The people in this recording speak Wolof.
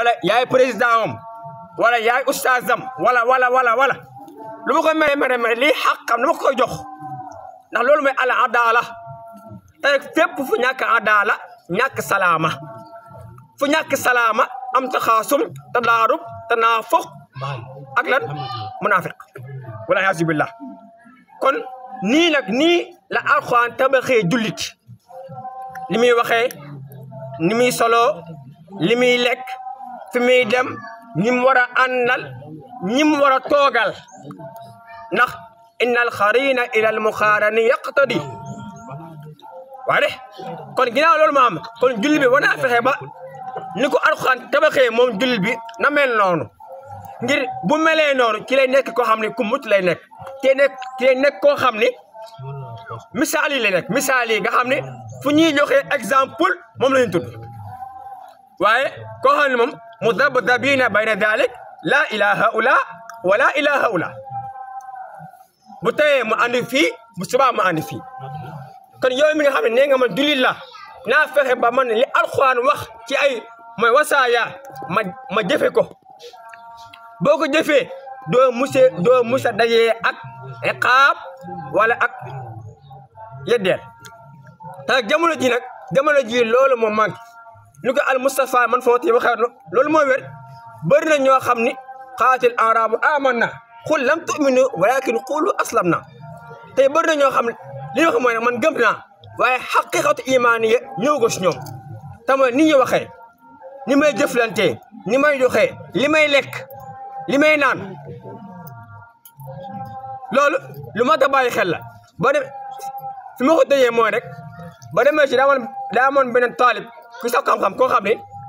ولا ياي بريزدانهم ولا ياي استاذهم ولا ولا ولا ولا لوكو مري مري مري لي حقام لوكو جوخ نا لول مي على عداله تاي فيب فو عداله نياك سلامه فو سلامه ام تخاصم تضارب تنافق اك منافق ولا يعذ بالله كون ني لك ني لا الخوان تبخي جوليت لي مي وخه ني مي لك fi muy dem ñi mu war a àndal ñi mu war a toogal ndax innal xarina ilal muxaarani yaqtadi waaye kon ginnaaw loolu maam kon julli bi war naa ba ni ko Alxuraan tabaxee moom julli bi na mel noonu ngir bu melee noonu ci lay nekk koo xam ne ku mucc lay nekk te nekk ci koo xam ne misaal yi lay nekk misaal yi nga xam ne fu ñuy joxe exemple moom la ñu waaye koo xam ne moom mudabdabina bayna dalik laa ilaa haula wala ilaa haula bu tawee mu andi fii bu subaa mu andi fii kon yow mi nga xam ne nee nga man jullit naa fexe ba man li alxuraan wax ci ay mooy wasaaya ma jëfe ko boo ko jëfee doo musa doo musa dajee ak iqaab wala ak yeddeel te jamono ji nag jamono ji loolu moo manqué ñu ko al Mustafa man fawati wa xayr loolu moo wér bëri na ñoo xam ni aaman na amanna xul lam tuminu walakin qulu aslam na tey bëri na ñoo xam li ñu wax mooy ne man gëm naa waaye xaqiqatu imaan yi ñëw ko si ñoom tama ni ñu waxee ni may jëflantee ni may joxee li may lekk li may naan loolu lu mat a bàyyi xel la ba dem fi ma ko dëjee mooy rek bari demee ci daa daa amoon beneen taalib cứ sao cầm cầm có cầm đấy